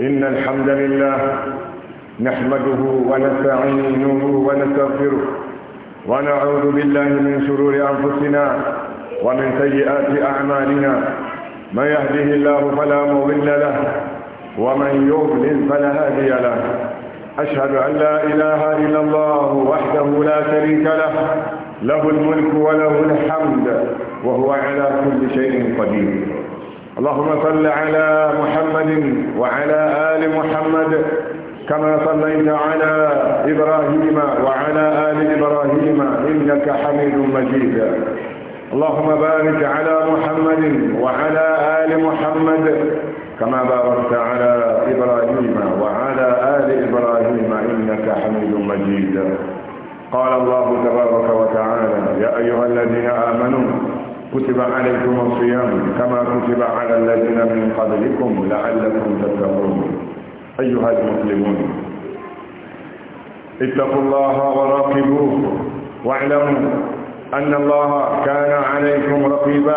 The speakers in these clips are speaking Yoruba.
إن الحمد لله نحمده ونستعينه ونستغفره ونعوذ بالله من شرور أنفسنا ومن سيئات أعمالنا من يهده الله فلا مضل له ومن يضلل فلا هادي له أشهد أن لا إله إلا الله وحده لا شريك له له الملك وله الحمد وهو على كل شيء قدير اللهم صل على محمد وعلى آل محمد كما صليت على إبراهيم وعلى آل إبراهيم إنك حميد مجيد اللهم بارك على محمد وعلى آل محمد كما باركت على إبراهيم وعلى آل إبراهيم إنك حميد مجيد قال الله تبارك وتعالى يا أيها الذين آمنوا كتب عليكم الصيام كما كتب على الذين من قبلكم لعلكم تتقون أيها المسلمون اتقوا الله وراقبوه واعلموا أن الله كان عليكم رقيبا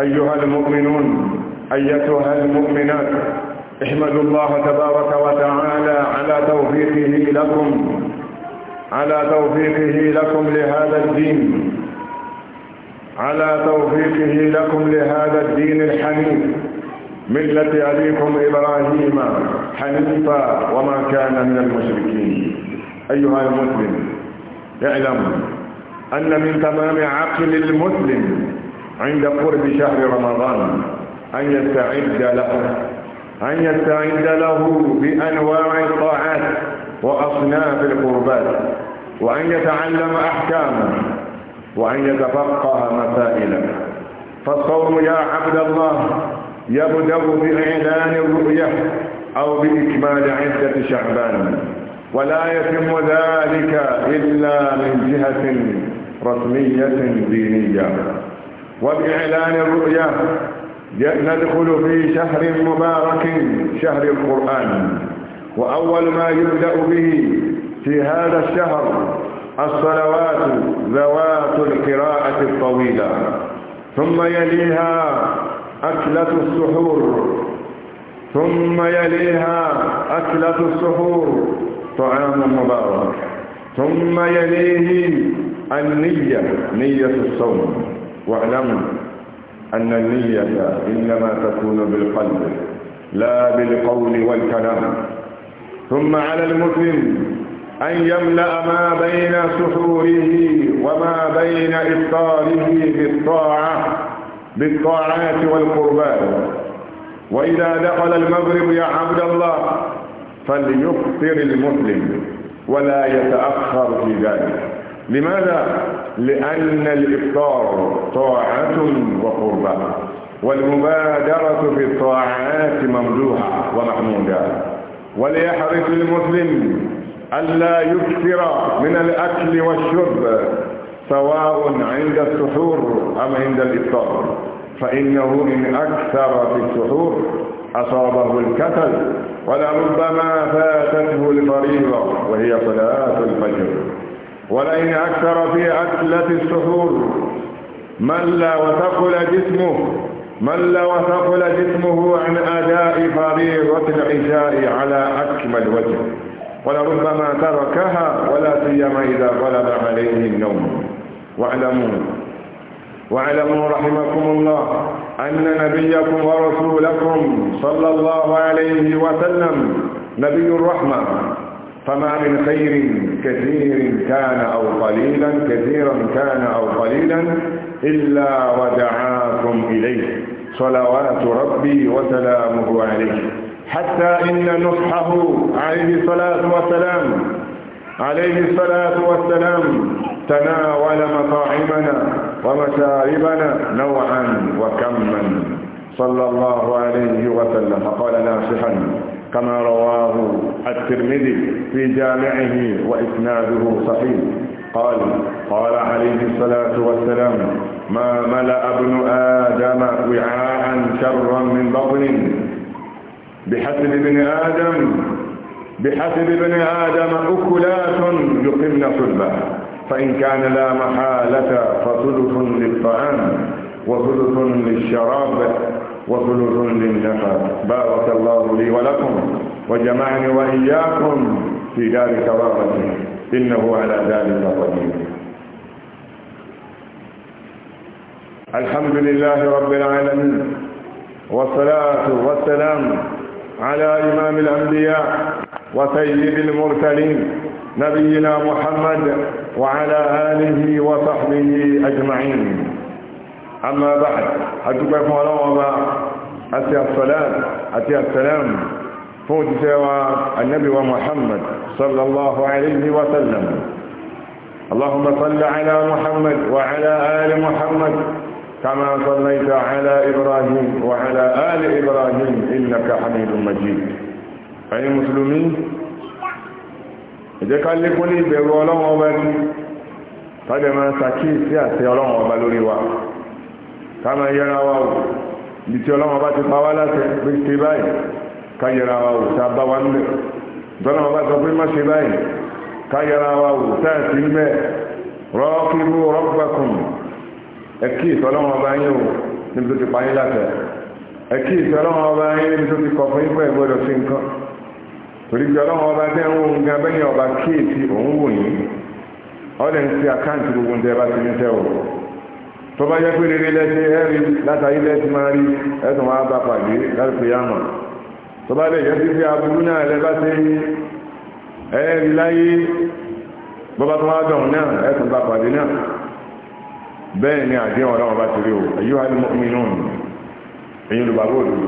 أيها المؤمنون أيتها المؤمنات احمدوا الله تبارك وتعالى على توفيقه لكم على توفيقه لكم لهذا الدين على توفيقه لكم لهذا الدين الحنيف ملة أبيكم إبراهيم حنيفا وما كان من المشركين أيها المسلم اعلم أن من تمام عقل المسلم عند قرب شهر رمضان أن يستعد له أن يستعد له بأنواع الطاعات وأصناف القربات وأن يتعلم أحكامه وأن يتفقه مسائله فالصوم يا عبد الله يبدأ بإعلان الرؤية أو بإكمال عدة شعبان ولا يتم ذلك إلا من جهة رسمية دينية وبإعلان الرؤية ندخل في شهر مبارك شهر القرآن وأول ما يبدأ به في هذا الشهر الصلوات ذوات القراءة الطويلة ثم يليها أكلة السحور ثم يليها أكلة السحور طعام مبارك ثم يليه النية نية الصوم واعلم أن النية إنما تكون بالقلب لا بالقول والكلام ثم على المسلم أن يملأ ما بين سحوره وما بين إفطاره بالطاعة بالطاعات والقربات وإذا دخل المغرب يا عبد الله فليفطر المسلم ولا يتأخر في ذلك لماذا؟ لأن الإفطار طاعة وقربة والمبادرة في الطاعات ممدوحة ومحمودة وليحرص المسلم ألا يكثر من الأكل والشرب سواء عند السحور أم عند الإفطار فإنه إن أكثر في السحور أصابه الكسل ولربما فاتته الفريضة وهي صلاة الفجر ولئن أكثر في أكلة السحور مل وثقل جسمه مل وثقل جسمه عن أداء فريضة العشاء على أكمل وجه ولربما تركها ولا سيما إذا غلب عليه النوم واعلموا واعلموا رحمكم الله أن نبيكم ورسولكم صلى الله عليه وسلم نبي الرحمة فما من خير كثير كان أو قليلا كثيرا كان أو قليلا إلا ودعاكم إليه صلوات ربي وسلامه عليه حتى إن نصحه عليه الصلاة والسلام عليه الصلاة والسلام تناول مطاعمنا ومشاربنا نوعا وكما صلى الله عليه وسلم فقال ناصحا كما رواه الترمذي في جامعه وإسناده صحيح قال قال عليه الصلاة والسلام ما ملأ ابن آدم وعاء شرا من بطن بحسب ابن آدم بحسب ابن آدم أكلات يقمن صلبه فإن كان لا محالة فثلث للطعام وثلث للشراب وثلث للنفع بارك الله لي ولكم وجمعني وإياكم في دار كرامته إنه على ذلك قدير الحمد لله رب العالمين والصلاة والسلام على إمام الأنبياء وسيد المرسلين نبينا محمد وعلى آله وصحبه أجمعين أما بعد أتكلم الله أتي الصلاة أتي السلام فوت سوى النبي ومحمد صلى الله عليه وسلم اللهم صل على محمد وعلى آل محمد كما صليت على إبراهيم وعلى آل إبراهيم إنك حميد مجيد أي مسلمين ìjẹ́ ká lékún ní ìbẹ̀rù ọlọ́run ọba ní tàbí máa ṣàkíyèsí àti ọlọ́run ọba lórí wa ká máa yẹra wa wò ibi tí ọlọ́run ọba ti pa wá láti pé ṣe báyìí ká yẹra wa wò tá a bá wa ń bẹ̀ ìtọ́lọ́run ọba sọ pé má ṣe báyìí ká yẹra wa wò tá a sì ń bẹ̀ rọ́ọ̀kì bú rọ́ọ̀gbàkùnrin ẹkí ìsọlọ́wọ́n ọba yín o níbi tó ti pa ọba yín níbi tó ti kọ̀ fún yín pẹ́ sí nǹkan ọba tẹ́ ń wo nǹkan ọba kéèsì òun wò ọ̀dẹ̀ ń fi àkáǹtì gbogbo bá ti ní tẹ́ o tó bá yẹ pé rere lẹ́sí ẹ̀rí látàrí máa rí ẹ̀sùn wa bá pàdé láti bẹ́ẹ̀ ni àdéhùn ọlọ́run bá ti rí o ẹ̀yọ́ alùmọ́mínú ẹ̀yìn olùgbàgbọ́ òdodo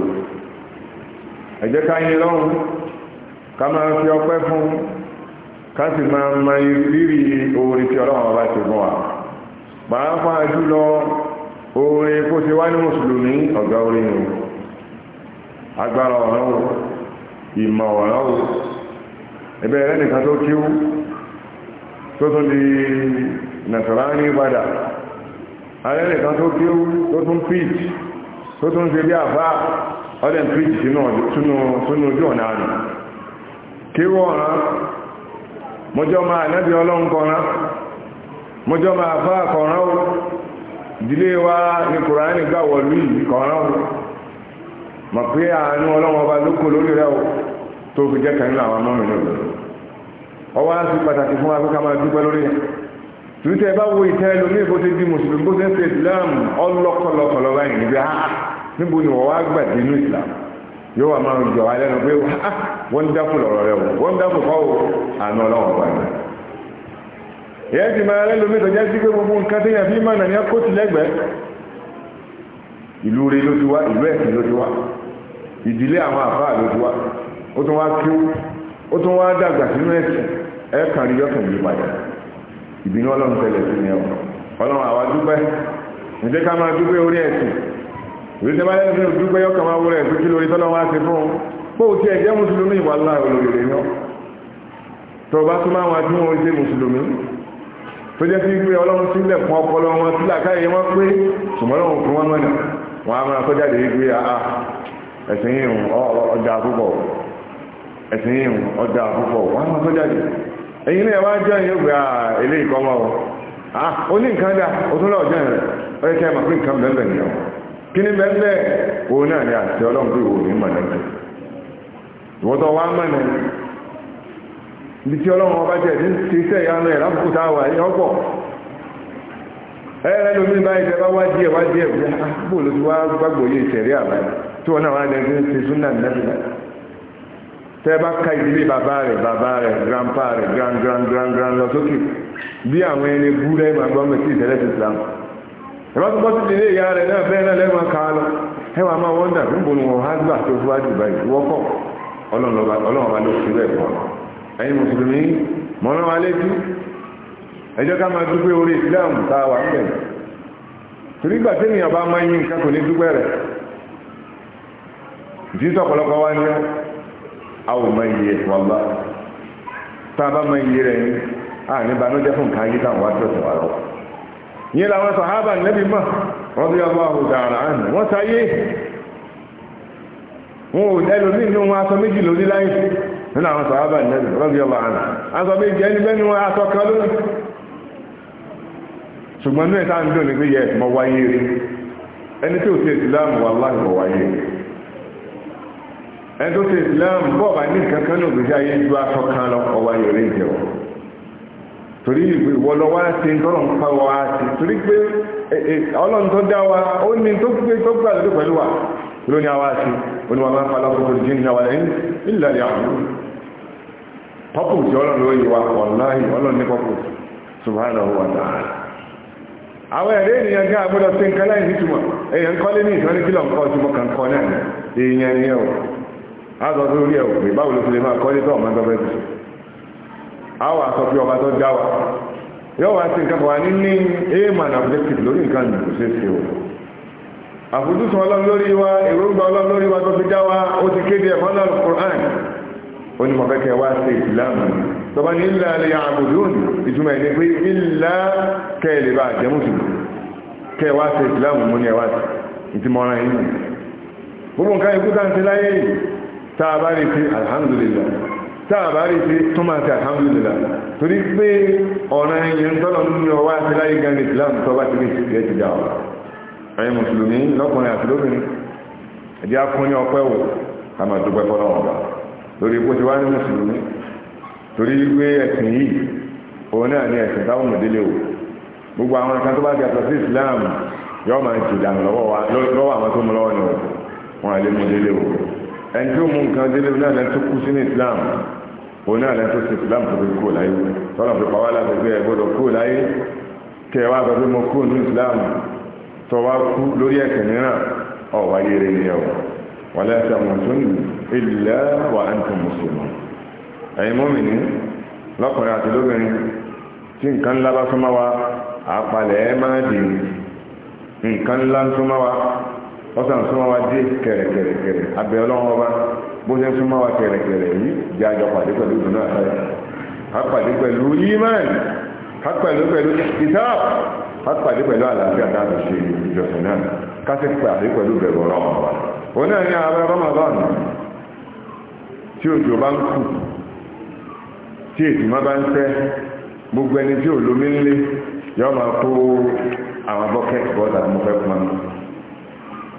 ẹ jẹ́ ká yìn lọ́run ká máa fi ọpẹ́ fún ká sì máa ma oore tí ọlọ́run bá ti fún wa pàápàá jùlọ oore kó ti wá ní mùsùlùmí ọ̀gá orí ni agbára ọ̀rọ̀ o ìmọ̀ ọ̀rọ̀ o nìkan tó kíw tó tún di ní arẹ́rẹ́ kan tó kéwú tó tún preach tó tún ṣe bí àfá ọdẹ preach sínú ojú ọ̀nà rẹ̀ kéwú ọ̀ràn mọ́jọ́ máa nẹ́bí ọlọ́run mọ́jọ́ máa fá kọ̀ọ̀rán o ìdílé wa ní kùránì tó fi jẹ́ àwọn mọ́mìnà sí pàtàkì fún máa dúpẹ́ lórí torí tẹ́ bá wo ìtẹ́ ẹlòmí ìbò ti di mùsùlùmí bó ṣe ń ṣe islam ọlọ́kọlọkọlọ báyìí níbi ha ah, ah, níbo ni wọ́n wá gbà dé islam yóò wà máa jọ alẹ́ nu pé wọ́n dákú lọ́rọ̀ rẹ̀ wọ́n wọ́n dákú kọ́ àánú ọlọ́wọ́ báyìí. ìyẹn ti máa lẹ́lòmí tó jẹ́ sí pé gbogbo nǹkan téèyàn fi máa nàní kó lẹ́gbẹ̀ẹ́ ìlú rẹ̀ ló ti wá ìlú ẹ̀sìn ló ti wá ìdílé àwọn àfáà ló ti wá ó tún wá kí ó tún wá dàgbà sínú ẹ̀sìn ẹ̀ẹ̀kan rí yọ̀kàn ìbínú ọlọ́run tẹ̀lẹ̀ sí ni ọ ọlọ́run àwa dúpẹ́ ǹjẹ́ ká máa dúpẹ́ orí ẹ̀sìn ìwé tẹ́ bá yẹ́ fún dúpẹ́ yọ́kà máa wúrẹ̀ pé kí lórí tọ́lọ́run á ti fún un pé òtí ẹ̀jẹ́ mùsùlùmí wà láì olóyèrè yọ tó bá tún máa wá tí wọn ṣe mùsùlùmí tó jẹ́ sí pé ọlọ́run sílẹ̀ fún ọpọlọ wọn sí làkáyé wọn pé ṣùgbọ́n ọlọ́run fún wọn mọ́nà wọn á máa kọjá lè rí pé àá ẹ̀sìn yìí ọjà púpọ̀ ẹ̀sìn yìí ọjà púpọ̀ wọn á máa kọjá lè rí ẹ̀yin náà wá jọ yìí ó ilé ìkọ́mọ́ ọ ó ní nǹkan dá ó tún lọ́ọ̀jọ́ rẹ̀ ó yẹ kí ẹ mọ̀ pé nǹkan bẹ́ẹ̀ bẹ́ẹ̀ kí ni bẹ́ẹ̀ bẹ́ẹ̀ wo náà ni àti ọlọ́run pé ìwò ní mọ̀lẹ́gbẹ̀ ìwọ́tọ̀ wá mọ̀nà ibi tí ọlọ́run ọba jẹ́ ti ń ti iṣẹ́ ìyanu ẹ̀ lákòókò tá a wà ní ọ̀pọ̀ ẹ̀rẹ́ lómi báyìí tẹ́ bá wá díẹ̀ wá díẹ̀ bó ló ti wá gbàgbọ́ yé ìṣẹ̀rí àbáyé tí wọ́n náà wá lẹ́gbẹ̀ẹ́ ti súnà nẹ́bìlá tẹ́ kai ka ìdílé bàbá rẹ̀ bàbá grandpa rẹ̀ grand grand grand grand lọ sókè bí àwọn ẹni búrẹ́ máa gbọ́ mẹ́tì ìtẹ́lẹ̀ ti sàn. ìbá tó bọ́ sí ìdílé ìyá rẹ̀ náà bẹ́ẹ̀ náà lọ máa tó fún wájú báyìí wọ́kọ̀ ọlọ́run ọba ló fi ẹ̀yin mùsùlùmí mọ́nà wa létí ẹjọ́ ká máa dúpẹ́ orí tá a wà ń bẹ̀rẹ̀ torí a ò mọ iye wàlá tá a bá mọ iye rẹ̀ ní àní banújẹ́ fún nǹkan ayé táwọn wá tó tẹ̀wá lọ. yín làwọn sàhábà nẹ́bí mọ̀ wọ́n bí ọba àhùdà àrà àná wọ́n sáyé wọn ò ẹlòmíì nínú wọn aṣọ méjì lórí láyé nínú àwọn sàhábà nẹ́bí wọ́n bí ọba àná aṣọ méjì ẹni bẹ́ẹ̀ ni wọn aṣọ kan lórí. ṣùgbọ́n ní ẹ̀ta ń dùn ní pé yẹ mọ wáyé rí ẹni tí ò sí ìsìlámù wàlá ìwọ̀ wáyé rí ẹni tó ṣe Islam bọ́ọ̀bà ní kankan náà gbèsè ayé ju aṣọ kan lọ ọwọ́ ayò lè jẹ wọ torí ìwọ lọ wá sí tọ́lọ̀ ń pa wá sí torí pé ọlọ́run tó dá wa ó ní tó gbé tó gbà lórí pẹ̀lú wa ló ní àwa sí oníwà máa ń pa lọ́kọ̀ọ́ jí ní àwọn ẹ̀yìn ìlà ìyá àwọn pọ́pù tí ọlọ́run ló yí wa ọ̀láyì ọlọ́run ní pọ́pù subhanahu wa ta'ala àwọn ẹ̀rẹ́ ènìyàn ní agbọ́dọ̀ sí nǹkan láì nítumọ̀ èèyàn kọ́lé ní ìsọ́ní kílọ̀ nǹkan ọtí mọ́ kankan náà èèyàn ni ẹ̀ azụ sọ pé orí ẹ̀ báwo ló ti lè máa ọmọ ti ṣe a wà sọ pé ọba tó dá wa yóò wá sí nǹkan kan wà ní ní aim and objective lórí nǹkan kò o àfojúsùn ọlọ́run lórí wa èròǹgbà ọlọ́run lórí wa tó fi dá wa ó ti kéde náà ó ní mọ̀kẹ́kẹ́ wá sí tọba ní alẹ́ ìtumọ̀ pé bá kẹ́ẹ̀ wá sí yìí gbogbo nǹkan ikú tá tààbá rí pé alhamdulillah tààbá rí pé torí pé ọ̀ràn ẹ̀yìn tọ́lọ̀ ní ọwá àti láyé gan islam tó bá ti ní ìṣẹ́ ti dà ọ̀rọ̀ ẹ̀yìn mùsùlùmí lọ́kùnrin àti lóbìnrin ẹ̀dí afúnni ọpẹ́ wò a máa dúpẹ́ fọ́lọ́ ọ̀bà lórí ipò tí wá ní mùsùlùmí torí ẹ̀sìn yìí òun náà ẹ̀sìn táwọn òdílé wò gbogbo àwọn kan tó bá islam máa àwọn tó mú lọ́wọ́ ni wọ́n mú ẹni tí ó mú nǹkan délé náà lẹ́nu tó kú sínú Islam òun náà lẹ́nu tó sí Islam tó fi kúrò láyé tọ́lọ̀ fi pàwọ́ láti gbé ẹ̀ gbọ́dọ̀ kúrò láyé kẹ wá sọ pé mo kúrò ní Islam tó wá kú lórí ẹ̀sìn mìíràn ọ̀wá yẹrẹ ni ẹ̀wọ̀ wà lẹ́sẹ̀ mùsùlùmí ilẹ̀ wà á ń tún mùsùlùmí ẹ̀yin mọ́mìnì lọ́kùnrin àti lóbìnrin tí nǹkan ńlá bá súnmọ́ wa àpalẹ̀ ẹ̀ máa dì nǹkan ńlá súnmọ́ wa ọ̀sán súnmọ́ wa dé kẹ̀rẹ̀kẹ̀rẹ̀kẹ̀rẹ̀ abẹ́ ọlọ́run ọba bó ṣe súnmọ́ wa kẹ̀rẹ̀kẹ̀rẹ̀ yìí jẹ́ àjọ pàdé pẹ̀lú ìdùnnú àtàyà ká pàdé pẹ̀lú imán ká pẹ̀lú pẹ̀lú kitab ká pàdé pẹ̀lú àlàáfíà dáàbò ṣe ìjọsìn náà ká sì pàdé pẹ̀lú bẹ̀rù ọlọ́run ọba òun náà ní ààrẹ Ramadan tí òjò bá ń kù tí ètùmọ́ bá ń tẹ́ gbogbo ẹni tí ò lómi ńlé yọ máa kó àwọn bọ́kẹ́tì bọ́ọ̀dà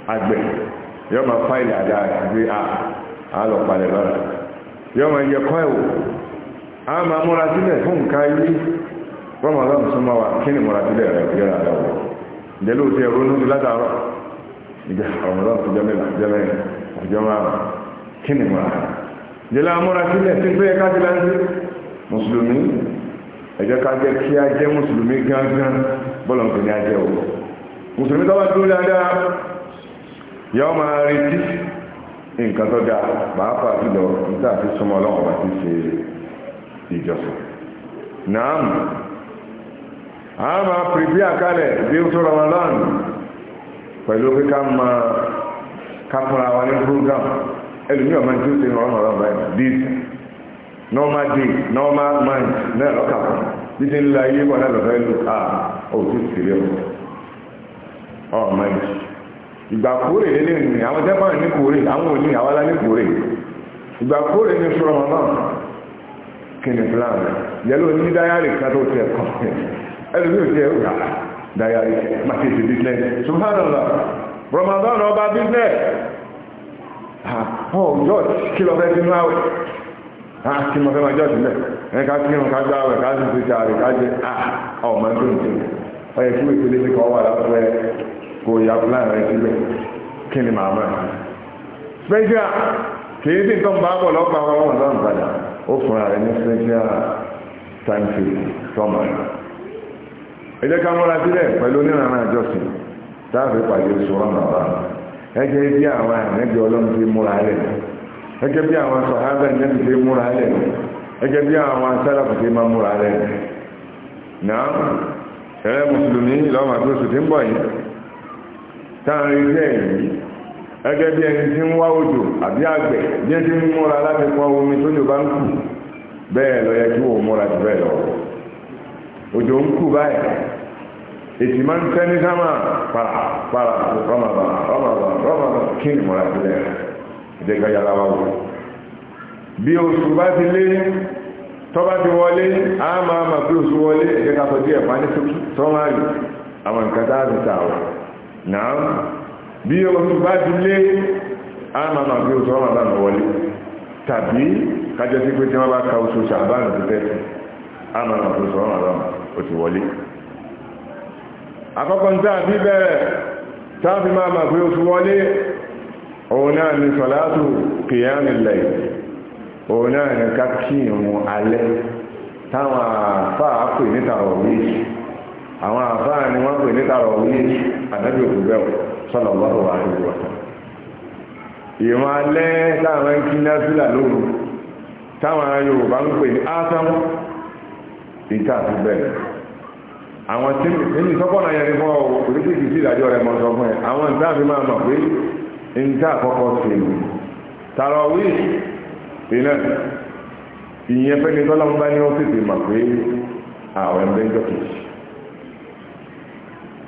Agbe. yọ máa fáìlì àdá àgbé àlọ́pàá lọ́la a máa múra sílẹ̀ fún nǹkan ayé rọ́mọ ọlọ́run súnmọ́ wa kí ni múra sílẹ̀ rẹ̀ yọra àdáwọ̀ ǹjẹ́ ló ti ẹ̀rọ lóṣù látàárọ̀ ìjà ọ̀rọ̀ ọlọ́run tó jẹ́ mẹ́la jẹ́ mẹ́rin ọjọ́ márùn kí mùsùlùmí gángan o mùsùlùmí tó bá dúró dáadáa yọ́ máa retí nǹkan tó dáa pàápàá jùlọ nígbà tí súnmọ́ ọlọ́run bá ti ṣe ìjọsìn naam a máa pèpè àkálẹ̀ bí ó tó Ramadan pẹ̀lú pé ká máa kápọ̀ra wa ní program ẹlùmí ọmọ tí ó ṣe ìrànlọ́run ọ̀rọ̀ báyìí this normal day normal mind náà lọ́kà fún títí ńlá ayé wọn náà lọ́fẹ́ lù ah ó ti ṣèlè ọmọ yìí ìgbà kúrè lé lẹ́nu àwọn jẹ́pà ní kúrè àwọn òní àwálá ní kúrè ìgbà kúrè ní sọ̀rọ̀ náà kí ni plan yẹ́lò ní dáyàrí kan tó kọ́ dáyàrí business subhanallah ramadan ọba business ọ george kí lọ fẹ́ sínú àwẹ̀ kí mo fẹ́ máa george mẹ́ ẹ̀ka kí mo ká gbá àwẹ̀ ká sì fi ṣàrẹ̀ ká jẹ ah, ọmọ tó ń tẹ̀ kí kò yà plan rẹ síbẹ̀ kí ni màá máa special kìí sí nǹkan bá bọ̀ lọ́pàá wọn wọn lọ́nà padà ó fúnra rẹ ní special time fi tọ́mà ẹ jẹ́ ká múra sílẹ̀ pẹ̀lú onírànà àjọsìn táàfin pàdé oṣù ọ̀nà bá ẹgẹ́ bí àwọn àmẹ́jọ ọlọ́run ti múra lẹ̀ ẹgẹ́ bí àwọn sọ̀hábẹ́ ìjẹ́bí ti múra lẹ̀ ẹgẹ́ bí àwọn sẹ́lẹ̀kù ti máa múra lẹ̀ náà ẹ̀rẹ́ mùsùlùmí lọ́wọ́ àti oṣù tí ń bọ̀ yìí táàrin iṣẹ́ yìí bí ẹni tí ń wá òjò àbí àgbẹ̀ bí tí ń múra láti pọn omi tójò bá ń kù bẹ́ẹ̀ lọ yẹ kí wò múra jù bẹ́ẹ̀ lọ òjò ń kù báyìí èsì máa ń tẹ́ ní sámà para para rọ́màbà rọ́màbà rọ́màbà kí ni múra jù bẹ́ẹ̀ ẹ̀jẹ̀ ká wò bí oṣù bá ti lé tọ́ba ti wọlé àmà àmà pé oṣù wọlé ẹ̀jẹ̀ ká sọ díẹ̀ pa ní sọ́mà nǹkan tá a náà bí oṣù bá a ma àmà máa fi oṣù ọmọ àbánu wọlé tàbí kájọ sí pé tí wọ́n bá ka oṣù ṣàbánu tó tẹ́sí àmà máa fi oṣù ọmọ àbánu oṣù wọlé bi bi ma fi oṣù wọlé òun náà ni salatu kìíyàn ilẹ̀ òun náà ni ká kí ìrun alẹ́ táwọn àwọn àfáà ni wọ́n pè ní tààrọ̀ wíyé ànábì òkú bẹ́ẹ̀ sọ̀lọ̀ lọ́rọ̀ wà ní ìwà ìwọ̀n alẹ́ láwọn ń kí násílà lóru táwọn Yorùbá ń pè ní ásámú ìta àti bẹ́ẹ̀ àwọn tí ní sọ́kọ́nà yẹn ni fún ọ oríṣiríṣi sí ìdájọ́ rẹ̀ mọ́ sọ fún ẹ àwọn ìta àfi máa mọ̀ pé ìta àkọ́kọ́ sí i tààrọ̀ wíyé iná ìyẹn fẹ́ni tọ́lọ́mùbá ní ọ́fíìsì mọ̀ pé ààwẹ̀ ń bẹ́ńjọ́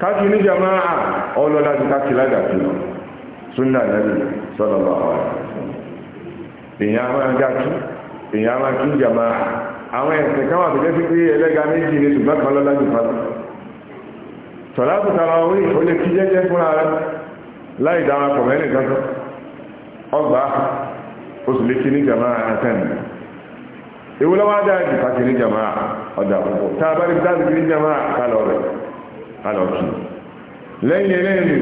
ka kini jamaa ọlọ́lá ju káàkiri ládàkì Sun súnà nàbì sallallahu alaihi wasallam jamaa awon ẹ̀sìn káwọn àtẹ̀jẹ́ sí pé ẹlẹ́ga méjì ní ṣùgbọ́n kan lọ́lá ju fásitì sọ̀láàtù d'a kini jamaa jamaa a jamaa kálọ̀kì lẹ́yìn lẹ́yìn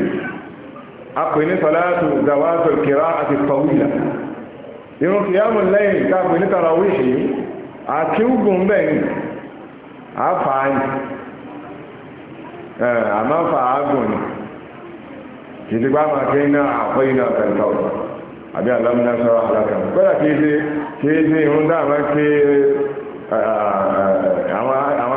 apè ní sọ́látù zawato kìrá àti tọ́wìlà irun kìyàmù lẹ́yìn káàpè ní tarawíṣì àti ugun bẹ́ẹ̀ àfààní àmáfà àgùn ni ìdìgbà máa kí ní àpò iná kẹta ọ̀tọ̀ àbí àlámúná sọ́rọ̀ àlákà kọ́dà kí ṣe kí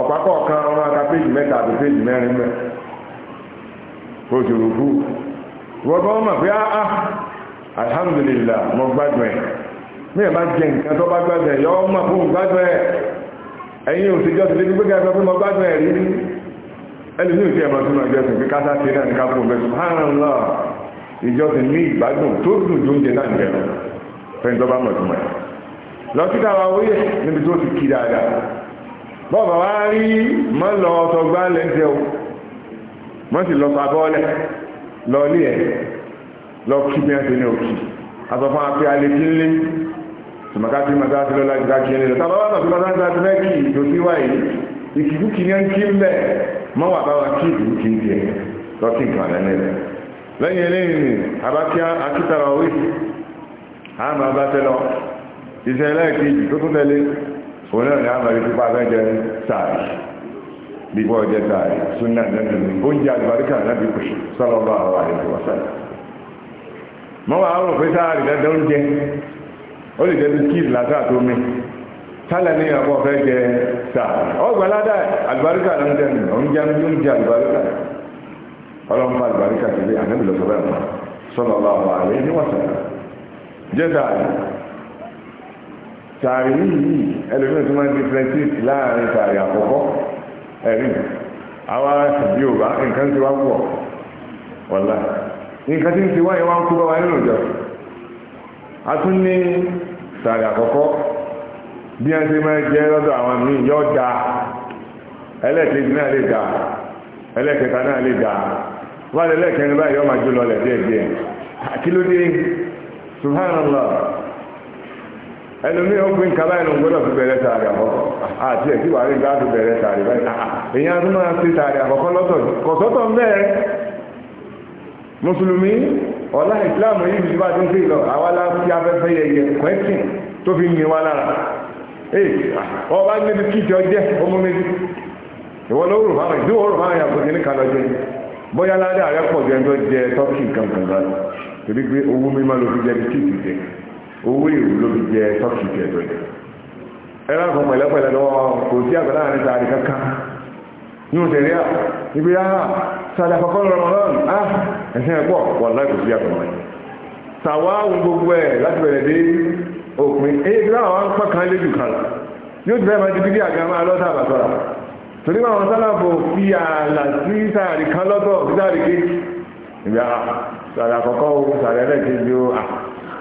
ọ̀pá kọ̀ọ̀kan ọmọ aka péjì mẹ́ta àti péjì mẹ́rin mẹ́ òṣèlú fún wọ́n bá wọ́n mọ̀ pé áá ah, ah, alhamdulillah mo gbádùn ẹ̀ mí ẹ̀ bá jẹ nǹkan tó bá gbádùn ẹ̀ yọ ọmọ fún gbádùn ẹ̀ ẹ̀yin ò ti jọ́ ti débi gbégbé ẹ̀sọ́ fún mo gbádùn ẹ̀ rí rí ẹlùmí ò tí ẹ̀mọ̀ tó máa jọ́sìn pé kásá ti náà ní kápò bẹ́ẹ̀ subhanallah ìjọsìn ní ìgbádùn tó dùn tó jẹ náà nìyẹn fẹ́ńtọ́ bá mọ̀ tó mọ̀ lọ sí káwa níbi tó ti kí dáadáa bọ́ọ̀bà wá rí mọ́ lọ ọ̀tọ̀ gbá lẹ́sẹ̀ o mọ́ sì lọ pàbọ́ọ̀lẹ̀ lọ ní ẹ̀ lọ kí bí ẹ̀sẹ̀ ní òkì aṣọ fún apẹ́ alẹ́ kí nlé tòmọ́ká tí màtá sí lọ́la ìgbà kí nlé lọ́ta bàbá tó màtá sí fẹ́ kí tó sí wáyé ìkìkú kì òun náà ní àmàlẹ́ pípa abẹ́jẹ sàárì bíbọ ọjẹ sàárì súnà nínú ní oúnjẹ àlùbáríkà náà bí kò ṣe sọlọ bá àwọn àlejò wà sàárì mọ wàá rò pé sàárì dandan oúnjẹ ó lè jẹ bí kíìsì lásà tó mi sálẹ̀ ní ìyàwó ọ̀fẹ́ jẹ sàárì ọgbà ládà àlùbáríkà náà ń jẹ nù oúnjẹ oúnjẹ àlùbáríkà ọlọ́mọ àlùbáríkà ti lé ànábìlọ́sọ̀rọ̀ sàárì yìí ẹlòmíràn tó máa ń differentiate láàrin sàárì àkọ́kọ́ ẹ̀rí àwa sàbí òbá nǹkan ti wá pọ̀ wọ́lá nǹkan tí ń ti wáyé wá ń kú bá wa nínú ìjọ a tún ní sàárì àkọ́kọ́ bí a ti máa jẹ́ lọ́dọ̀ àwọn míì yọ́ da ẹlẹ́ẹ̀kejì náà lè da ẹlẹ́ẹ̀kẹta náà lè da wọ́n lẹ́lẹ́kẹrin báyìí yọ́ máa jó lọlẹ̀ díẹ̀díẹ̀ àkílódé subhanallah ẹlòmíì ó pín kaba ẹnu gbọ́dọ̀ fi bẹ̀rẹ̀ sàárì àkọ́kọ́ àti ẹtí wàá rí gáàsì bẹ̀rẹ̀ sàárì báyìí ah, ah. èyí á tún máa ṣe sàárì àkọ́kọ́ lọ́tọ̀ kọsọtọ bẹ́ẹ̀ mùsùlùmí ọlá ìsìláàmù yìí bí bá ti ń pè lọ àwa la fi afẹ́fẹ́ yẹyẹ kwẹsìn tó fi yin wa lára ee ah, ọba níbi kíjì ọjẹ ọmọ méjì ìwọ ló rò fáwọn ìdíwọ rò fáwọn yàtọ̀ sí ní kan lọ́jọ́ bóyá ládàá rẹ pọ̀ jẹ́ tó jẹ tọ́kì kankan lọ torí pé owó owó èrú ló fi jẹ tọ́kì tẹ̀tọ̀ yìí ẹ̀rọ kan pẹ̀lẹ́pẹ̀lẹ́ lọ́wọ́ kò sí àgbàlá àárín tààrí kankan ní oṣù rí à ibi ara ah, sàdé àkọ́kọ́ lọ́rọ̀ náà á ẹ̀sìn ẹ̀pọ̀ wà láì kò sí àgbàlá yìí sàwáhùn gbogbo ẹ̀ láti bẹ̀rẹ̀ dé òpin èyí tí láwọn ń pọ̀kan lé jù kan yóò ti bẹ́ẹ̀ máa ti bí àga máa lọ́sà àbàtọ́ra torí máa wọn sálàbò fi ààlà sí sàárì kan lọ́tọ̀ sí sàárì kejì ìgbà sàrẹ̀ ah, àkọ́kọ́ sàrẹ̀ ẹlẹ́kejì ó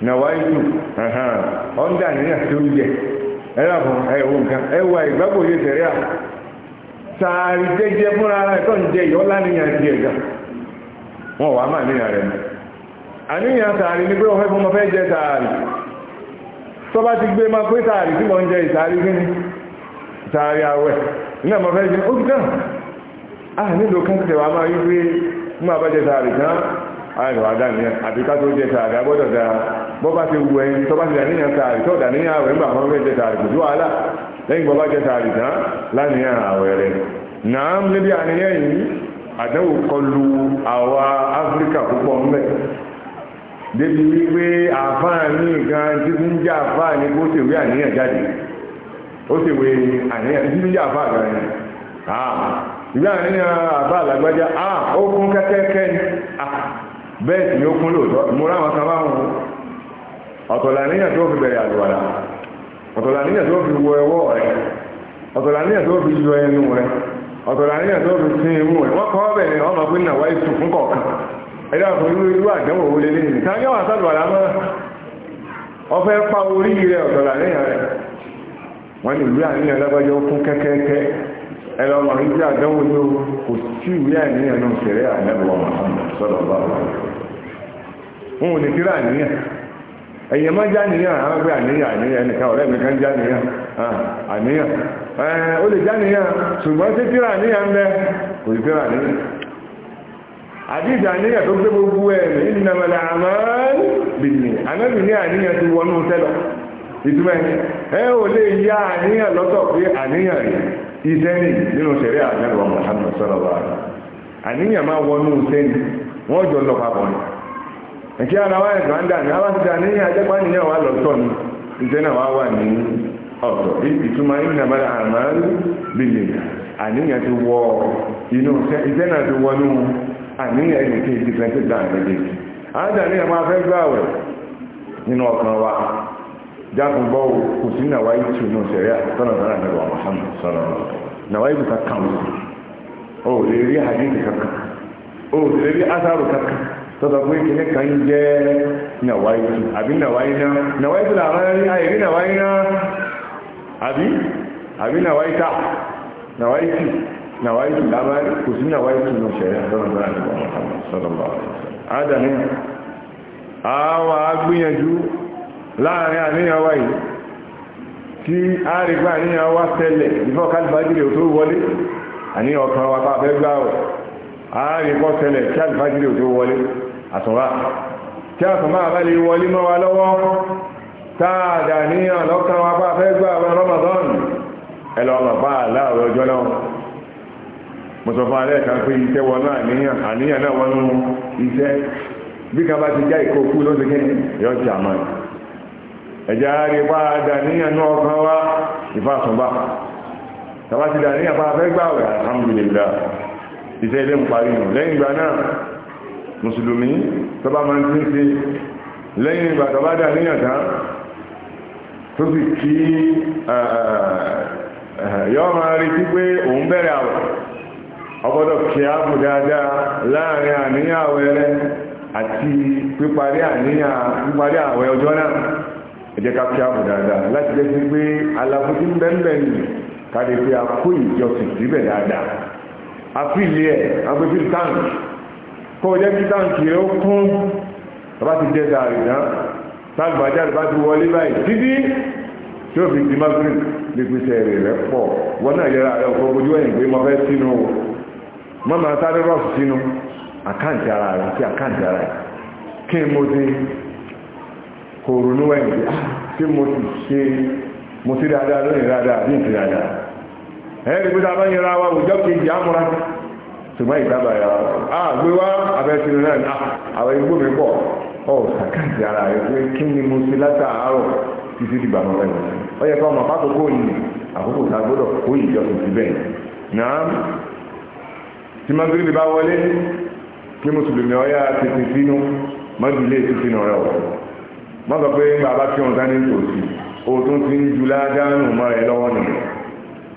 na ọ̀ndà nìyàn tó yẹ ẹlẹ́bùn ẹ̀wọ̀ nǹkan ẹwà ìgbàgbọ́ yẹ tẹ̀rẹ́ à sàárì jẹjẹ fúnra ara ẹ̀tọ́ ń jẹ ìyọ́lá nìyàn ti ẹ̀gà wọn wà máa níyàn rẹ̀ àníyàn sàárì ní pé ọ̀fẹ́ fún ọfẹ́ jẹ sàárì tó bá ti gbé máa bọ́bá ti wù ẹyin tọ́bá ti dàníyàn sàárì tọ́ dàníyàn àwẹ̀ ńgbà fọ́n fẹ́ jẹ sàárì kò sí wàhálà lẹ́yìn bọ́bá jẹ sàárì tán láníyàn àwẹ̀ rẹ̀ náà níbi àníyàn yìí àdánwò kọlu àwa áfíríkà púpọ̀ ńbẹ̀ débi wípé àfáà ní nǹkan tí ń jẹ́ àfáà ní kó ṣèwé àníyàn jáde ó ṣèwé àníyàn tí ń jẹ́ àfáà gan ni ah, ìwé àníyàn àfáà làgbájá ah, ó kún kẹ́kẹ́kẹ́ ni ah, bẹ́ẹ̀ sì ni ó kún lóòótọ́ mo ráwọn kan báwọn ọ̀tọ̀lá níyàn tó fi bẹ̀rẹ̀ àdùwàlà ọ̀tọ̀lá níyàn tó fi wọ ẹwọ́ rẹ ọ̀tọ̀lá níyàn tó fi yọ ẹnu rẹ ọ̀tọ̀lá níyàn tó fi sin imú rẹ wọ́n kọ́ bẹ̀ ni ọmọ pé nàwa ìtù fún kọ̀ọ̀kan ẹ̀dá fún irú irú àdánwò wo lélẹ́ yìí ká yọ̀wà sàdùwàlà mọ́ ọfẹ́ pa orí rẹ ọ̀tọ̀lá níyàn rẹ wọ́n ní ìwé àníyàn lágbájọ́ fún kẹ́kẹ́kẹ́ ẹ̀rọ ọmọ ìgbé àdánwò ní owó ẹ̀yẹ̀ máa jáníyàn àwọn ẹgbẹ́ àníyàn àníyàn ẹnìkan ọ̀rẹ́ mi kan jáníyàn àníyàn ó lè jáníyàn ṣùgbọ́n tí tíra àníyàn ń bẹ kò sí tíra àníyàn àdíjà àníyàn tó gbé gbogbo ẹ̀ ìdínàmọ̀lẹ̀ àmọ́ẹ́lì bìnnì anábì ní àníyàn ti wọnú tẹ́lọ̀ ìtumẹ̀ ẹ ò lè ya àníyàn lọ́tọ̀ pé àníyàn rẹ̀ iṣẹ́ nì nínú ṣẹ̀rẹ́ àjẹ́lùwà Muhammad sọ́lọ́wà àníyàn máa wọnú tẹ́lì wọ́n jọ lọ papọ̀ ni ẹ̀kí ara wá ẹ̀sán ń dà ní àwọn ti dà ní ajẹ́pá nìyẹn wà lọ́tọ̀ ni ìṣẹ́ náà wá wà ní ọ̀tọ̀ ìtumọ̀ inú nàbà àmàlú bìlì àníyàn ti wọ inú iṣẹ́ náà ti wọnú àníyàn ẹ̀yìn tí ìdí fẹ́ntì dà méjèèjì àádà ní ẹ̀mọ́ afẹ́ gbà wẹ̀ nínú ọkàn wa jákùn bọ́ kò sí nàwa ìtù nù sẹ̀rí àtọ́nà náà nàbà Muhammad sọ̀rọ̀ nàwa ìtù kankan o lè rí àdéhùn kankan o lè rí asáàrù kankan tọ́tọ̀ pé kìíní kan ń jẹ́ nàwáyìtù àbí nàwáyìná nàwáyìtù làwọn rí àìrí nàwáyìná àbí àbí nàwáyìtà nàwáyìtù nàwáyìtù làwọn rí kò sí nàwáyìtù ní ṣẹ̀rẹ̀ àtọ́nàbọ̀n tí a rí gbá àníyàn wá tẹ́lẹ̀ ìfọ́kálífàjìrì ò tó wọlé àníyàn ọkàn wa bá fẹ́ gbá ọ̀ a rí kọ́ tẹ́lẹ̀ kí àlìfàjìrì ò tó wọlé àtúnrà tí a fún máa bá lè wọlé mọ́ wa lọ́wọ́ táàdà ní ọ̀lọ́kan wa bá fẹ́ gbà àwọn Ramadan ẹlọ́mọ̀ bá láàrọ̀ ọjọ́ náà mo sọ fún alẹ́ kan pé iṣẹ́ wọn náà àníyàn àníyàn náà wọnú iṣẹ́ bí kan bá ti já ìkókú ló ti kẹ́yìn yọ jà mọ́ mùsùlùmí tọ́ba máa ń tí ń lẹ́yìn ìgbà tọ́ba tó sì kí yọ́ máa retí pé òun bẹ̀rẹ̀ àwọ̀ ọgbọ́dọ̀ kí á bù dáadáa láàrin àníyàn àwẹ̀ àti píparí àníyàn àwẹ̀ ọjọ́ náà ká kí á bù dáadáa láti jẹ́ sí pé aláfojú fi kó jẹ́ kí táǹkì rẹ̀ ó kún ti jẹ́ sàárì náà bá ti wọlé títí tí ó fi di magrin nípasẹ̀ èrè rẹ̀ pọ̀ wọn náà yẹra rẹ̀ ọkọ̀ ojú ẹ̀yìn pé mo fẹ́ sínú o mo máa sáré sínú àkáǹtì ara rẹ̀ àkáǹtì ara rẹ̀ kí n mo ti kòrò pé ah, mo ti ṣe mo ti lónìí ní ṣùgbọ́n ìgbàgbà yà á gbé wá abẹ́sìn náà àwọn igbó mi pọ̀ ọ̀ sàkáàtì ara rẹ̀ pé kí ni mo ṣe látàárọ̀ títí di bàbá rẹ̀ ó yẹ kí ọmọ pákókó ni àkókò tá a gbọ́dọ̀ kó ìjọsìn síbẹ̀ náà tí mọ́gírí bá wọlé kí mùsùlùmí ọ̀yà tètè sínú mọ́júlé títí nà rẹ̀ wọ̀ mọ́tò pé bàbá kí wọn sáré tòsí o tún ti ń ju ládàánù mọ́ rẹ̀ lọ́wọ́ nù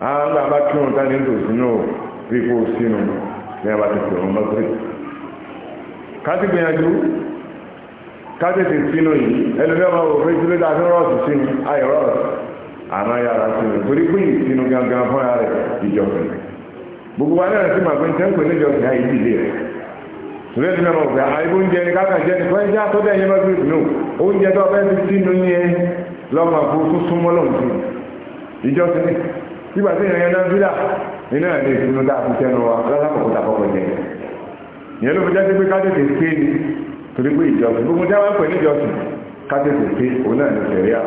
àwọn bàbá kí wọn sáré tòsí náà rí sínú ní a bá ti pè wọn mọ́tírì káti gbìyànjú káti ti sínú yìí ẹlẹ́fẹ́ máa wò fún ìdílé dáa fún rọ́ọ̀sì sínú ayé rọ́ọ̀sì àmọ́ yàrá sínú torí pé ìsinú gangan fúnra rẹ̀ ìjọsìn gbogbo wa náà sì máa pé nǹkan pè ní ìjọsìn ayé ìdílé rẹ̀ torí ẹni náà mọ̀ pé àìbó oúnjẹ ni káàkà jẹ́ ni fún ẹjẹ́ àtọ́dẹ̀ ẹ̀yẹ mọ́tírì nù oúnjẹ tó ọbẹ̀ ti sínú yẹn lọ́mọ àbúrò tó súnmọ́ lọ́nà ìjọsìn nígbà tí ìrìn ẹ̀nà bílà iná ẹ̀ lè túnú dáa fi tẹnu wa lásàkókò tàkọ́kọ́ jẹ ìyẹn ló fi jáde pé kájètè ké ni torí pé ìjọsìn gbogbo jáwá ń pè ní ìjọsìn kájètè ké òun náà ní sẹ̀ríà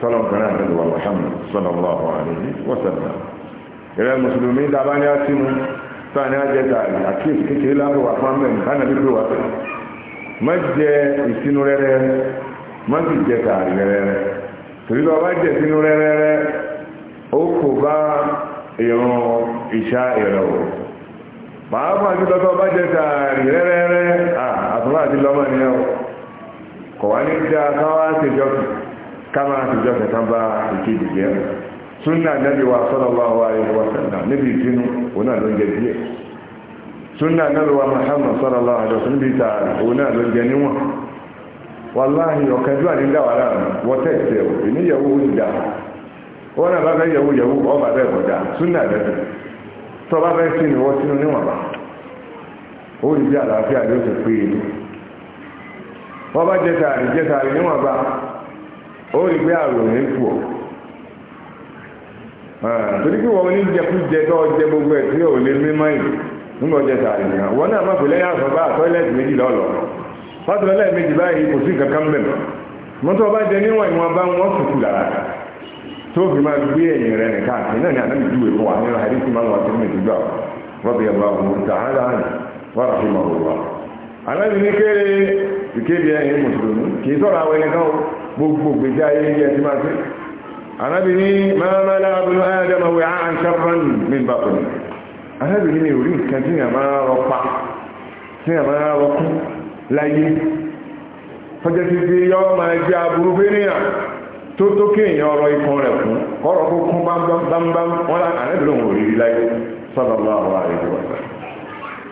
sọ́lọ̀ nǹkan náà lọ́dọ̀ wà lọ́sàmù sọ́lọ̀ wà wà lórí wọ́sàmù ìrẹ́ mùsùlùmí dábàá ní àtìmú sáà ní àjẹta àkíyèsí ó kò bá ìrun ìṣá ìrẹ̀wò pàápàá jùlọ tó bá jẹ tààrí rẹ́rẹ́rẹ́ a àti lọ́mọ ni wá ní a káwá ṣèjọ́ káwá ṣèjọ́ kẹta bá wa sallallahu alaihi wa sallam níbi ìtinú òun náà ló ń jẹ díẹ̀ súnà wa Muhammad sallallahu alaihi wa sallam níbi tààrí òun náà ló ń jẹ níwọ̀n wàláhì ọ̀kẹ́jú wọ́n náà bá fẹ́ yẹ̀wò yẹ̀wò ọba bẹ́ẹ̀ kọjá súnà lẹ́nu tó bá fẹ́ sínú wọ́n sínú níwọ̀n bá ó rí bí àlàáfíà ló ti pé inú wọ́n bá jẹ́ tààrí jẹ́ tààrí níwọ̀n bá ó rí bí àrùn ní fò torí kí wọ́n ní jẹkújẹ tó jẹ gbogbo ẹ̀ tí ò lè tààrí wọ́n náà má bá méjì lọ́lọ́ fásitì méjì báyìí kò sí nǹkan kan mọ́tò ọba jẹ níwọ̀n ìwọ̀n bá wọn tó fi máa gbé ẹ̀yìn rẹ̀ nìkan àti náà ní ànábì júwe fún wa nínú àdéhùn tí máa ń wà sí mẹ́tì gbà wọ́n fi ẹ̀rọ àwọn ọmọọta aláàánú wọ́n rà fún ọ̀rọ̀ wa. ànábì ní kéré ìkéde ẹ̀yìn mùsùlùmí kì í sọ̀rọ̀ àwọn ẹnìkan gbogbo gbèjà ayé ní ẹtí máa fi. ànábì ní mọ́nàmọ́lá abúlé ayájọ́mọ́ wẹ̀ á máa máa rọ kú máa jẹ́ aburú fẹ́ríyàn tó tó kéèyàn ọ̀rọ̀ ikọ̀ rẹ̀ fún ọ̀rọ̀ kó kún bámbám wọn lá àrẹ́bìnrin òun òrìrì láyé sọ́dọ̀ bá àwọn àrẹ́bí wọn sá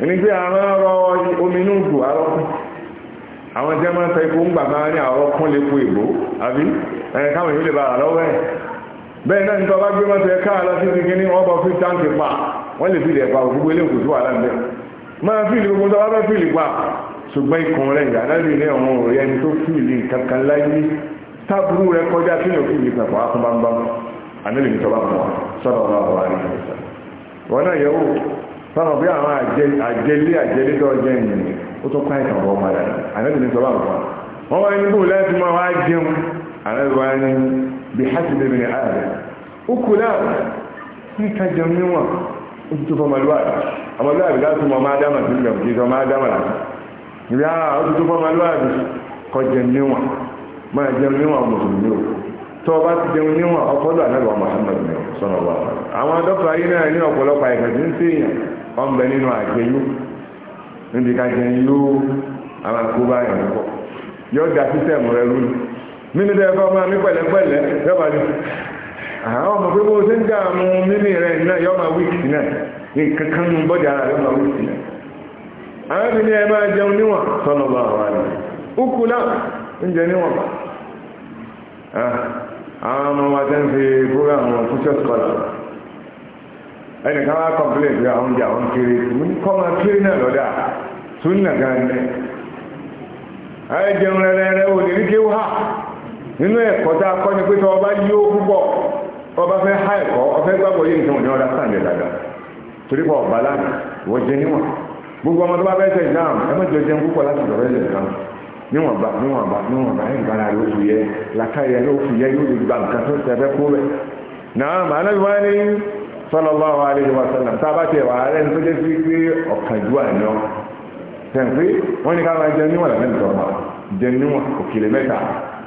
ẹni pé àwọn ọ̀rọ̀ omi inú gù arọ́kùn àwọn jẹ́ máa ń sọ ipò ń bàbá ní àrọ́kùn lè po ìbò àbí ẹ̀yìn káwọn èyí lè bá àlọ́wọ́ ẹ̀ bẹ́ẹ̀ náà nítorí ọba gbé mọ́tò ẹ̀ka lọ sí ti kíní wọ́n bọ̀ fi táǹkì pa wọ́n lè fìlè pa òkú gbélé òkú tó wà láǹdẹ̀ máa fìlè gbogbo tó wá fẹ́ fìlè pa ṣùgbọ́n ikùn rẹ̀ ìyá náà lè ní ọ̀hún òrí ẹni tó fìlè kankan láyé tábùrú rẹ kọjá tí yóò fún ìgbà pàá fún bámbá ànílè ní tọ́lá fún wa sọ́dọ̀ ọ̀la ọ̀la ní ìgbà wọn náà yẹ̀wò sọ́nà bí àwọn àjẹlé àjẹlé tó jẹ́ ìyẹn ó tó ká ìtàn bọ́ padà ànílè ní tọ́lá fún wa wọ́n wá ní bò láti máa wá jẹun ànílè wá ní bí hásìlè mi ní ààrẹ ó kú náà níta jẹun níwọ̀n ó tó fọ́ ma jẹun níwọ̀n mùsùlùmí o tó o bá ti jẹun níwọ̀n ọ̀fọ́dọ̀ ànábà Muhammad ni sọ̀rọ̀ wà àwọn dọ́kítà ayé náà ní ọ̀pọ̀lọpọ̀ àìsàn tí ń sèèyàn ọ̀nbẹ nínú àjẹyó níbi ká jẹun yóò àwọn yóò rẹ lónìí mímí tẹ́ fọ́ máa mí pẹ̀lẹ́pẹ̀lẹ́ yọba ni àwọn ọmọ pé bó ṣe ń dààmú mímí rẹ náà yọ máa wíìkì náà kankan bọ́dì ara máa oúnjẹ níwọ̀n ah, àwọn ọmọ wa tẹ́ ń fi kúrò àwọn fúnṣẹ́ sọ́lá ẹnì kan wá kọ́pílẹ̀ pé àwọn oúnjẹ àwọn kéré mú ní kọ́ máa náà lọ́dà tún nà gan ni ayé jẹun rẹrẹrẹ ò ní ríkẹ́ wá nínú ẹ̀kọ́ tá a kọ́ ni pé tí wọ́n bá yí ó púpọ̀ ọba fẹ́ há ẹ̀kọ́ ọfẹ́ gbàgbọ́ yìí nìkan òní ọ̀dà sàǹdẹ̀ dáadáa torí pọ̀ ọ̀bá láàmì wọ́n jẹ níwọ̀n gbogbo ọmọ tó bá fẹ́ ṣe ìdáhùn ẹ má jọ níwọ̀nba níwọ̀nba níwọ̀nba ẹ̀ gbára ló fi yẹ làkàyẹ ló fi yẹ yóò lè gba nǹkan tó tẹ̀fẹ́ kó rẹ̀ náà màá náà wá ní sallallahu alaihi wa sallam tá a bá tẹ̀ wá rẹ̀ ní tó jẹ́ sí pé ọ̀kàjú àná tẹ̀sí wọ́n ní ká máa jẹ níwọ̀n lẹ́nu tọ́ba jẹ níwọ̀n òkèlè mẹ́ta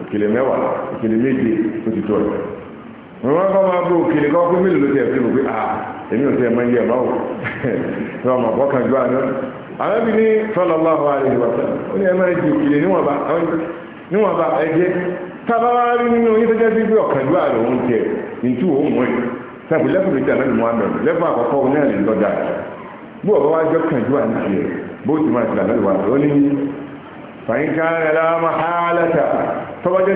òkèlè mẹ́wàá òkèlè méje ó ti tó rẹ̀ kọ́ máa bó òkèlè kọ́ pé mélòó ló ti ẹ̀ fi rò pé à èmi ò ti ẹ̀ máa yẹ ẹ̀ máa wò àrẹ́bí ní sallallahu alaihi wa sallam ó ní ẹmọ́ ẹjì òkèlè níwọ̀nba ẹjẹ́ tábàwá rí nínú yín tẹ́jẹ́ sí pé ọ̀kàndú àrùn oúnjẹ nítú òun mọ́ ẹ̀ sábì lẹ́fù méjì àná ni mo àmọ̀ lẹ́fù àkọ́kọ́ òun náà lè lọ́dà bó ọ̀rọ̀ wájọ́ kàndú àrùn oúnjẹ bó ti máa tìlà lọ́dà ó ní fàyínká ẹ̀rá mahálàtà tọ́bajẹ́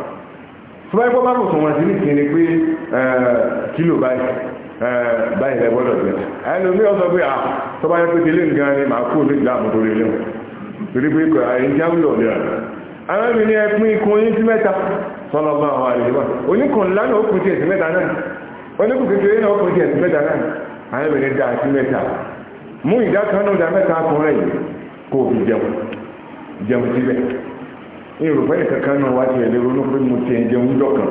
tó bá yẹ kó bá bò sùn wọn sí ní ìsinmi pé kílò báyìí báyìí lẹ gbọ́dọ̀ jẹ ẹlòmíì ọsọ pé à ah, tó bá yẹ pé délé nǹkan ni màá kú òní ìgbà àmọ́ torí ilé wọn torí pé kò àyìn jáwé ọ̀dẹ rẹ àwọn ẹbí ni ẹpin ikun yín sí mẹ́ta sọlọ bá àwọn àlejò oníkùn lánàá ó kù tiẹ̀ sí mẹ́ta náà oníkùn kékeré náà ó kù tiẹ̀ sí mẹ́ta náà àwọn ẹbí ni dá sí mẹ́ta mú ìdá kan náà dá mẹ́ta kùnrin yìí kó o fi jẹun jẹun síbẹ̀ èrò fẹ́ ìkankan náà wájú ẹ̀ lérò ló pé mo ti ẹ̀ jẹun jọ kan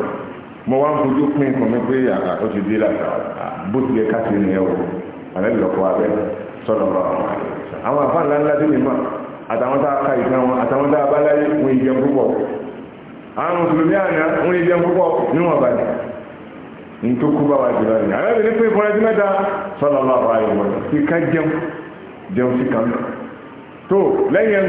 mo wá ń fojú pín nǹkan mi pé àgbà tó ti dé làtà bó ti yẹ ká ti nìyẹn o àlẹ́ lọ́kọ́ abẹ́ sọ̀rọ̀ àwọn àwọn àbá ńlá ńlá tó lè mọ̀ àtàwọn tá a ka ìtàn wọn àtàwọn tá a bá láyé wọn ìjẹun púpọ̀ àwọn mùsùlùmí àná wọn ìjẹun púpọ̀ níwọ̀n bá wà ní arábìnrin pé bá ayọ̀ wọn ìka jẹun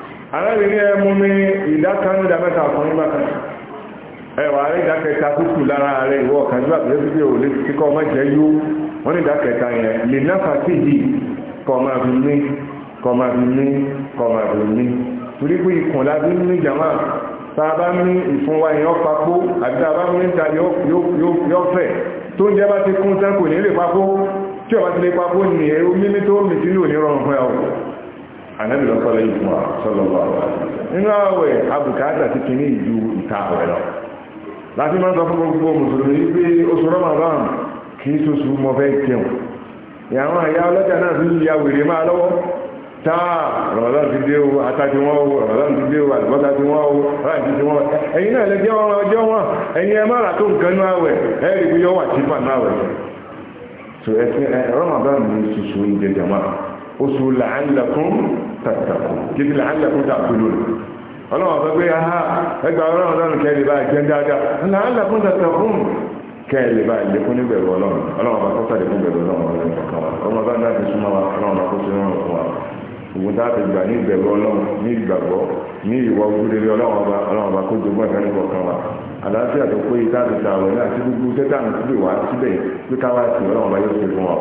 arábìnrin ẹ mú mi ìdákanú ìdámẹ́ta ọ̀kan nígbà kan ẹwà rẹ̀ ìdákẹta kúkú lára rẹ̀ ìwọ ọ̀kan jù àbúrẹ́ fídíò ò lè kíkọ́ ọmọ jẹ́ yó wọ́n ní ìdákẹta yẹn lè náfà sí ìdí kọ̀ọ̀mà fi mí kọ̀ọ̀mà fi mí kọ̀ọ̀mà fi mí torí pé ikùn la fi mí jàmá tá a bá mí ìfún wa yẹn papó àti tá a bá mí níta yọ fẹ̀ tó ń jẹ́ bá ti kún sẹ́kù ní ilé papó tí ọ̀ ànábì lọ́kọ́ lẹ́yìn fún wa sọ́lọ́lọ́ àwọn nínú àwẹ̀ abùkátà ti kìíní ìlú ìta àwẹ̀ lọ láti máa ń sọ fún gbogbo mùsùlùmí wípé oṣù ramadan kì ṣoṣù mọ fẹ́ jẹun ìyàwó àyà ọlọ́jà náà fi ya wèrè máa lọ́wọ́ táà ramadan ti dé o ata ti wọ́n o ramadan ti dé o àlùbọ́sà ti wọ́n o ráàjì ti wọ́n o ẹ̀yin náà wọn ọjọ́ wọn ẹ̀yin ẹ má nǹkan i oṣù làálàkún tàtàkùn kí ti làálàkún tàkùlù ọlọ́wọ́ fẹ́ pé aha ẹgbà ọlọ́run lọ́run kẹ́lẹ̀ bá jẹ́ dáadáa làálàkún tàtàkùn kẹ́lẹ̀ bá ilé fún níbẹ̀rù ọlọ́run ọlọ́run bá kọ́sà lè fún bẹ̀rù ọlọ́run ọlọ́run kọ̀ọ̀kan wa ọmọ bá náà ti súnmọ́ wa ọlọ́run bá kó sí ọlọ́run fún wa ògùn tá a ti gbà ní ìbẹ̀rù ìwà síbẹ̀ pé ká sí ọlọ́run ọba yóò ṣe fún wa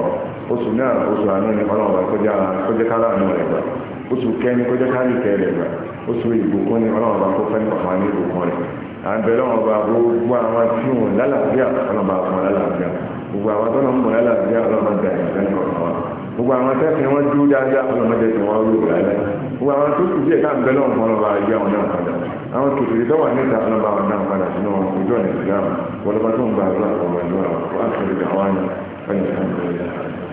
oṣù náà oṣù àánú ni ọlọ́run bá kọjá kọjá kára àánú rẹ̀ gbà oṣù kẹni kọjá kárí kẹ rẹ̀ gbà oṣù ìbùkún ni ọlọ́run bá kó fẹ́ ọ̀hán ní ìbùkún rẹ̀ à ń bẹ lọ́wọ́n bá gbogbo àwọn tí wọn lálàáfíà ọlọ́run bá fún lálàáfíà gbogbo àwọn tó lọ́n mọ̀ lálàáfíà ọlọ́run bá dà gbogbo àwọn tẹ́sí wọn dúró dáadáa ọlọ́mọdé tí wọ́n rú ìgbà lẹ́yìn gbogbo àwọn tó kù díẹ̀ ká ń bẹ lọ́wọ́ fún ọlọ́ba ayé àwọn náà padà àwọn kìtìrì tó wà níta ọlọ́ba àwọn náà padà sínú ojú ọ̀nà ìsìlámù wọlọ́ba tó ń gba àdúrà ọ̀rọ̀ ìlú àwọn àkọsílẹ̀ àwọn àyàn fẹ́ẹ́